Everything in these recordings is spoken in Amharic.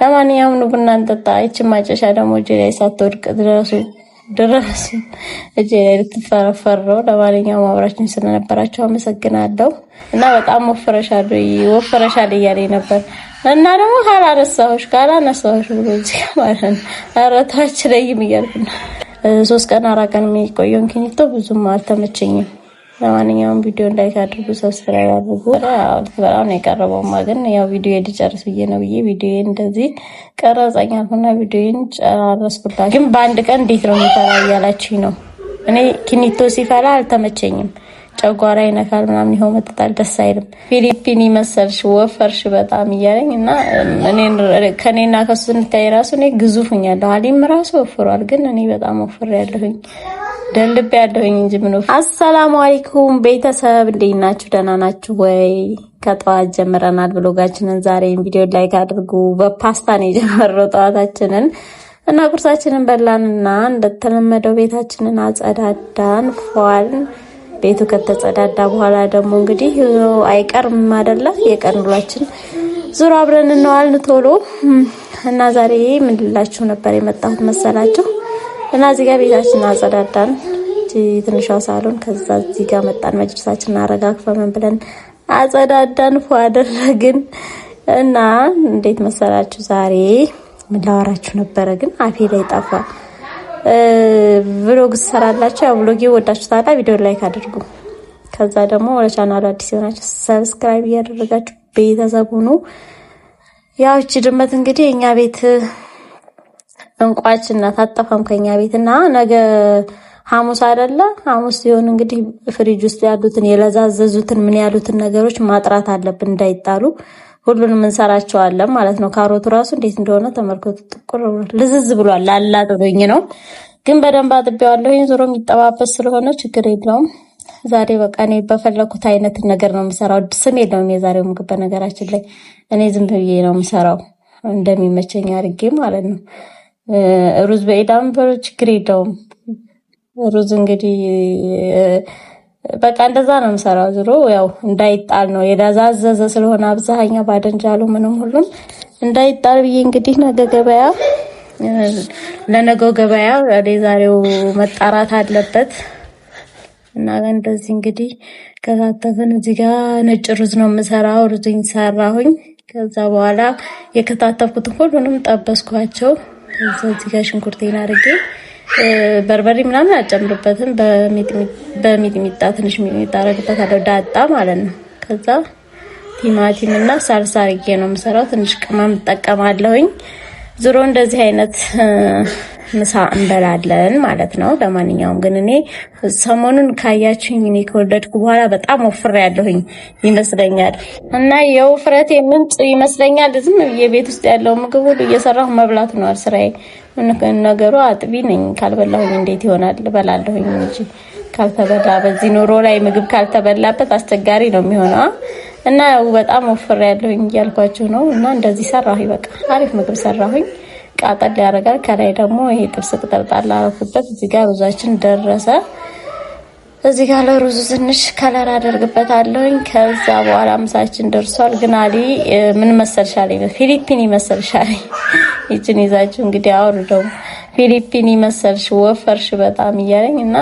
ለማንኛውም ነው ቡና እንጠጣ። ይች ማጨሻ ደግሞ እጄ ላይ ሳትወድቅ ድረሱ ድረሱ እጄ ላይ ልትፈረፈር ነው። ለማንኛውም አብራችን ስለነበራቸው አመሰግናለሁ እና በጣም ወፈረሻል ወፈረሻል እያለኝ ነበር እና ደግሞ ካላነሳሁሽ ካላነሳሁሽ ብሎ እዚህ ማለት ነው አረታች ላይ እያልኩ ሶስት ቀን አራት ቀን የሚቆየውን ኪኒቶ ብዙም አልተመቸኝም። ለማንኛውም ቪዲዮ ላይክ አድርጉ፣ ሰብስክራይብ አድርጉ። በጣም ነው የቀረበውማ፣ ግን ያው ቪዲዮ ልጨርስ ብዬ ነው ብዬ ቪዲዮ እንደዚህ ቀረጸኝ አልሆነ ቪዲዮን ጨራረስኩላ። ግን በአንድ ቀን እንዴት ነው የሚፈላ እያላችኝ ነው። እኔ ኪኒቶ ሲፈላ አልተመቸኝም። ጨጓራ ይነካል ምናምን ይኸው መጠጣል ደስ አይልም። ፊሊፒኒ መሰልሽ ወፈርሽ በጣም እያለኝ እና ከእኔና ከሱ ስንታይ ራሱ እኔ ግዙፍኛለሁ፣ አሊም ራሱ ወፍሯል፣ ግን እኔ በጣም ወፍሬ ያለሁኝ ደንድብ ያለሁኝ እንጂ ምን። አሰላሙ አለይኩም ቤተሰብ እንዴት ናችሁ? ደህና ናችሁ ወይ? ከጠዋት ጀምረናል ብሎጋችንን። ዛሬን ቪዲዮ ላይክ አድርጉ። በፓስታ ነው የጀመረው ጠዋታችንን እና ቁርሳችንን በላንና እንደተለመደው ቤታችንን አጸዳዳን ፏል ቤቱ ከተጸዳዳ በኋላ ደግሞ እንግዲህ አይቀርም አይደለ የቀን ውሏችን ዙሮ አብረን እንዋልን ቶሎ እና ዛሬ ምን ልላችሁ ነበር የመጣሁት መሰላችሁ እና እዚህ ጋር ቤታችንን አጸዳዳን ትንሿ ሳሎን። ከዛ እዚህ ጋር መጣን። መጅልሳችን አረጋግፈን ብለን አጸዳዳን ፎ አደረግን እና እንዴት መሰላችሁ ዛሬ ምን ላወራችሁ ነበረ ግን አፌ ላይ ጠፋ። ብሎግ ሰራላችሁ ያው ብሎጌ ወዳችሁ ታዲያ ቪዲዮ ላይክ አድርጉ። ከዛ ደግሞ ወደ ቻናሉ አዲስ የሆናችሁ ሰብስክራይብ እያደረጋችሁ ቤተሰብ ሁኑ። ያው እቺ ድመት እንግዲህ እኛ ቤት እንቋጭ እና ታጠፋም ከኛ ቤት እና ነገ ሐሙስ አይደለ? ሐሙስ ሲሆን እንግዲህ ፍሪጅ ውስጥ ያሉትን የለዛዘዙትን ምን ያሉትን ነገሮች ማጥራት አለብን እንዳይጣሉ። ሁሉንም እንሰራቸዋለን ማለት ነው። ካሮቱ ራሱ እንዴት እንደሆነ ተመልከቱ። ጥቁር ልዝዝ ብሏል። ላላጥበኝ ነው ግን በደንብ አጥቤዋለሁ። ይህን ዞሮ የሚጠባበስ ስለሆነ ችግር የለውም። ዛሬ በቃ እኔ በፈለኩት አይነት ነገር ነው የምሰራው። ስም የለውም የዛሬው ምግብ በነገራችን ላይ እኔ ዝም ብዬ ነው የምሰራው እንደሚመቸኝ አድርጌ ማለት ነው። ሩዝ በኢዳም ችግር የለውም። ሩዝ እንግዲህ በቃ እንደዛ ነው የምሰራው። ዝሮ ያው እንዳይጣል ነው የዳዛዘዘ ስለሆነ አብዛኛው ባደንጃሉ ምንም ሁሉም እንዳይጣል ብዬ እንግዲህ ነገ ገበያ ለነገው ገበያ ዛሬው መጣራት አለበት እና እንደዚህ እንግዲህ ከታተፍን። እዚህ ጋር ነጭ ሩዝ ነው የምሰራው። ሩዝኝ ሰራሁኝ። ከዛ በኋላ የከታተፍኩትን ሁሉንም ጠበስኳቸው። ከዛ እዚህ ጋር ሽንኩርቴን አድርጌ በርበሬ ምናምን አልጨምርበትም። በሚጥሚጣ ትንሽ ሚጥሚጣ አደረግበታለሁ፣ ዳጣ ማለት ነው። ከዛ ቲማቲም እና ሳልሳ አድርጌ ነው የምሰራው። ትንሽ ቅመም እጠቀማለሁኝ። ዙሮ እንደዚህ አይነት ምሳ እንበላለን ማለት ነው። ለማንኛውም ግን እኔ ሰሞኑን ካያችሁኝ እኔ ከወለድኩ በኋላ በጣም ወፍሬ ያለሁኝ ይመስለኛል እና የውፍረቴ ምንጭ ይመስለኛል ዝም የቤት ውስጥ ያለው ምግብ ሁሉ እየሰራሁ መብላት ነው ስራዬ። ነገሩ አጥቢ ነኝ፣ ካልበላሁኝ እንዴት ይሆናል? በላለሁኝ እንጂ ካልተበላ በዚህ ኑሮ ላይ ምግብ ካልተበላበት አስቸጋሪ ነው የሚሆነው። እና በጣም ወፍሬ ያለሁኝ እያልኳችሁ ነው። እና እንደዚህ ሰራሁኝ። በቃ አሪፍ ምግብ ሰራሁኝ። ቃጠል ያደርጋል። ከላይ ደግሞ ይሄ ጥብስ ቅጠል ጣል አደረኩበት። እዚህ ጋር ሩዛችን ደረሰ። እዚህ ጋር ለሩዙ ትንሽ ከለር አደርግበታለሁኝ። ከዛ በኋላ ምሳችን ደርሷል። ግን አሊ ምን መሰልሻል? ፊሊፒን ይመሰልሻል። ይችን ይዛችሁ እንግዲህ አውር ደግሞ ፊሊፒን ይመሰልሽ ወፈርሽ በጣም እያለኝ እና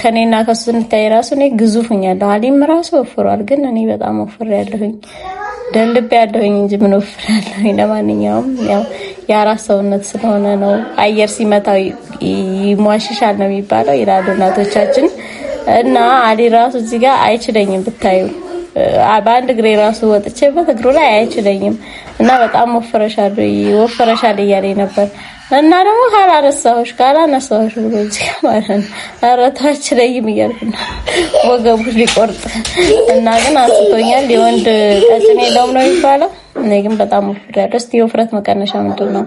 ከእኔና ከሱ ስንታይ ራሱ እኔ ግዙፍ ሆኛለሁ። አሊም ራሱ ወፍሯል። ግን እኔ በጣም ወፍር ያለሁኝ ደልብ ያለሁኝ እንጂ ምን ወፍር ለማንኛውም ያው የአራት ሰውነት ስለሆነ ነው። አየር ሲመታው ይሟሽሻል ነው የሚባለው ይላሉ እናቶቻችን። እና አሊ ራሱ እዚህ ጋር አይችለኝም ብታዩ በአንድ እግሬ ራሱ ወጥቼበት እግሩ ላይ አይችለኝም እና በጣም ወፈረሻል ወፈረሻል እያለኝ ነበር። እና ደግሞ ካላነሳሁሽ ካላነሳሁሽ ብሎ እዚህ ጋር ማለት ነው። ኧረ ተው አይችለኝም እያልኩ ነው ሊቆርጥ እና ግን አንስቶኛል። የወንድ ቀጭኔ የለውም ነው የሚባለው እኔ ግን በጣም ወፍሬያለሁ። እስቲ ውፍረት መቀነሻ ምንድን ነው?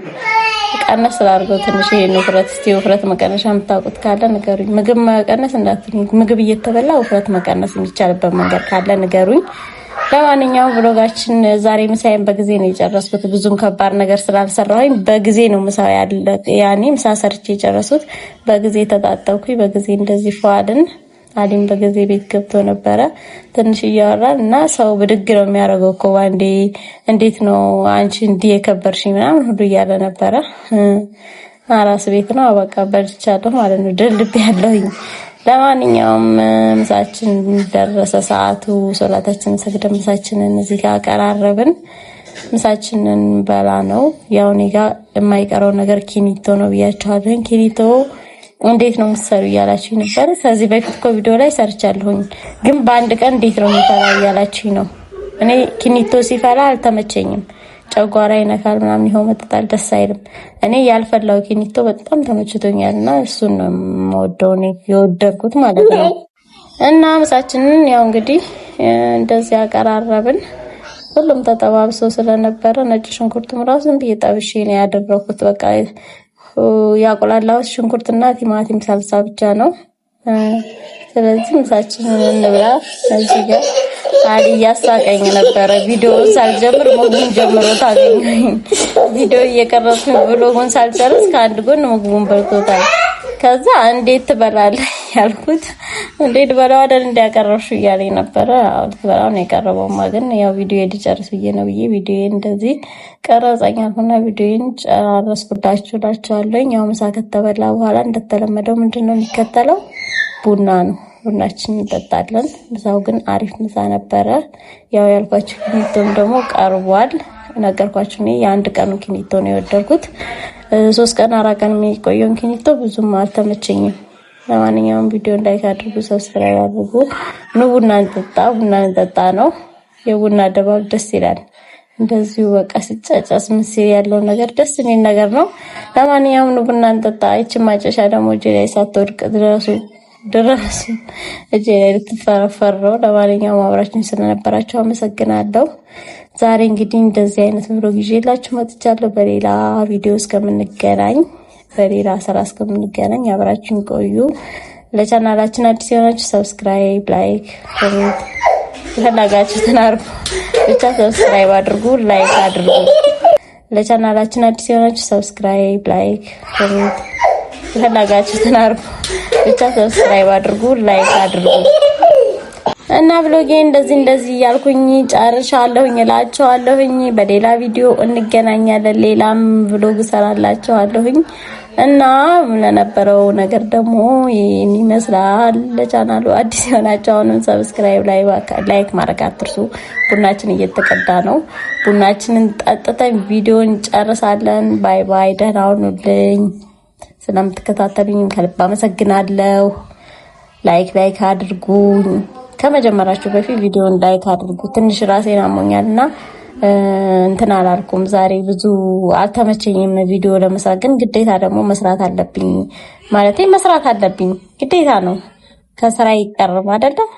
ቀነስ ስላድርገው ትንሽ ይሄን ውፍረት። እስቲ ውፍረት መቀነሻ የምታውቁት ካለ ንገሩኝ። ምግብ መቀነስ እንዳትሉኝ፣ ምግብ እየተበላ ውፍረት መቀነስ የሚቻልበት መንገድ ካለ ንገሩኝ። ለማንኛውም ብሎጋችን ዛሬ ምሳዬን በጊዜ ነው የጨረስኩት። ብዙም ከባድ ነገር ስላልሰራሁኝ በጊዜ ነው ምሳው ያለ ያኔ ምሳ ሰርቼ የጨረሱት። በጊዜ ተጣጠብኩኝ። በጊዜ እንደዚህ ፈዋልን። አሊም በጊዜ ቤት ገብቶ ነበረ። ትንሽ እያወራን እና ሰው ብድግ ነው የሚያደርገው እኮ ባንዴ። እንዴት ነው አንቺ እንዲህ የከበርሽ ምናምን ሁሉ እያለ ነበረ። አራስ ቤት ነው አባቃ በልቻለሁ ማለት ነው። ድልብ ያለሁኝ። ለማንኛውም ምሳችን ደረሰ ሰዓቱ። ሶላታችን ሰግደ ምሳችንን እዚህ ጋር አቀራረብን። ምሳችንን በላ ነው ያው እኔ ጋ የማይቀረው ነገር ኪኒቶ ነው ብያቸዋለን። ኪኒቶ እንዴት ነው የምትሰሩ እያላችሁ ነበረ። ከዚህ በፊት እኮ ቪዲዮ ላይ ሰርቻለሁኝ፣ ግን በአንድ ቀን እንዴት ነው የሚፈላ እያላችሁ ነው። እኔ ኪኒቶ ሲፈላ አልተመቸኝም፣ ጨጓራ ይነካል ምናምን፣ ይኸው መጠጣል ደስ አይልም። እኔ ያልፈላው ኪኒቶ በጣም ተመችቶኛል፣ እና እሱን ነው የምወደው እኔ የወደድኩት ማለት ነው። እና ምሳችንን ያው እንግዲህ እንደዚህ አቀራረብን። ሁሉም ተጠባብሶ ስለነበረ ነጭ ሽንኩርቱም ራሱ ዝም ብዬ ጠብሼ ነው ያደረኩት በቃ ያቆላላሁት ሽንኩርትና ቲማቲም ሳልሳ ብቻ ነው። ስለዚህ ምሳችን እንብላ። እዚህ ጋር አሊ እያሳቀኝ ነበረ። ቪዲዮ ሳልጀምር ምግቡን ጀምሮ ታገኝ ቪዲዮ እየቀረጽኩኝ ብሎጉን ሳልጨርስ ከአንድ ጎን ምግቡን በልቶታል። ከዛ እንዴት ትበላለህ ያልኩት እንዴ ድበላው አይደል እንዲያቀረብሽ እያለ ነበረ። ድበላው ነው የቀረበውማ፣ ግን ያው ቪዲዮ ሊጨርስ ብዬ ነው ብዬ ቪዲዮ እንደዚህ ቀረጸኛል ሁና ቪዲዮን ጨራረስኩላችሁ እላችኋለሁ። ያው ምሳ ከተበላ በኋላ እንደተለመደው ምንድን ነው የሚከተለው? ቡና ነው። ቡናችን እንጠጣለን። ምሳው ግን አሪፍ ምሳ ነበረ። ያው ያልኳችሁ ኪኒቶም ደግሞ ቀርቧል። ነገርኳችሁ እኔ የአንድ ቀኑ ኪኒቶ ነው የወደድኩት። ሶስት ቀን አራት ቀን የሚቆየውን ኪኒቶ ብዙም አልተመቸኝም። ለማንኛውም ቪዲዮ ላይክ አድርጉ፣ ሰብስክራይብ አድርጉ። ኑ ቡና እንጠጣ፣ ቡና እንጠጣ ነው። የቡና ድባብ ደስ ይላል። እንደዚሁ በቃ ሲጫጫስ ምስል ያለው ነገር ደስ የሚል ነገር ነው። ለማንኛውም ኑ ቡና እንጠጣ። ይች ማጨሻ ደግሞ እጄ ላይ ሳትወድቅ ድረሱ ድረሱ፣ እጄ ላይ ልትፈረፈረው። ለማንኛውም አብራችን ስለነበራቸው አመሰግናለሁ። ዛሬ እንግዲህ እንደዚህ አይነት ብሎ ጊዜ የላችሁ መጥቻለሁ። በሌላ ቪዲዮ እስከምንገናኝ በሌላ ስራ እስከምንገናኝ አብራችን ቆዩ። ለቻናላችን አዲስ የሆናችሁ ሰብስክራይብ፣ ላይክ፣ ኮሜንት የፈለጋችሁትን አርጉ። ብቻ ሰብስክራይብ አድርጉ፣ ላይክ አድርጉ። ለቻናላችን አዲስ የሆናችሁ ሰብስክራይብ፣ ላይክ፣ ኮሜንት የፈለጋችሁትን አርጉ። ብቻ ሰብስክራይብ አድርጉ፣ ላይክ አድርጉ እና ብሎጌ እንደዚህ እንደዚህ እያልኩኝ ጨርሻለሁኝ እላችኋለሁኝ። በሌላ ቪዲዮ እንገናኛለን። ሌላም ብሎግ ሰራላችኋለሁኝ። እና ለነበረው ነገር ደግሞ ይህን ይመስላል። ለቻናሉ አዲስ የሆናችሁ አሁንም ሰብስክራይብ፣ ላይክ ማድረግ አትርሱ። ቡናችን እየተቀዳ ነው። ቡናችንን ጠጥተን ቪዲዮን ጨርሳለን። ባይ ባይ። ደህና ሁኑልኝ። ስለምትከታተሉኝ ከልብ አመሰግናለሁ። ላይክ ላይክ አድርጉኝ። ከመጀመራችሁ በፊት ቪዲዮን ላይክ አድርጉ። ትንሽ ራሴን አሞኛል እና እንትን አላልኩም። ዛሬ ብዙ አልተመቸኝም ቪዲዮ ለመስራት፣ ግን ግዴታ ደግሞ መስራት አለብኝ። ማለት መስራት አለብኝ ግዴታ ነው። ከስራ ይቀርም አይደለም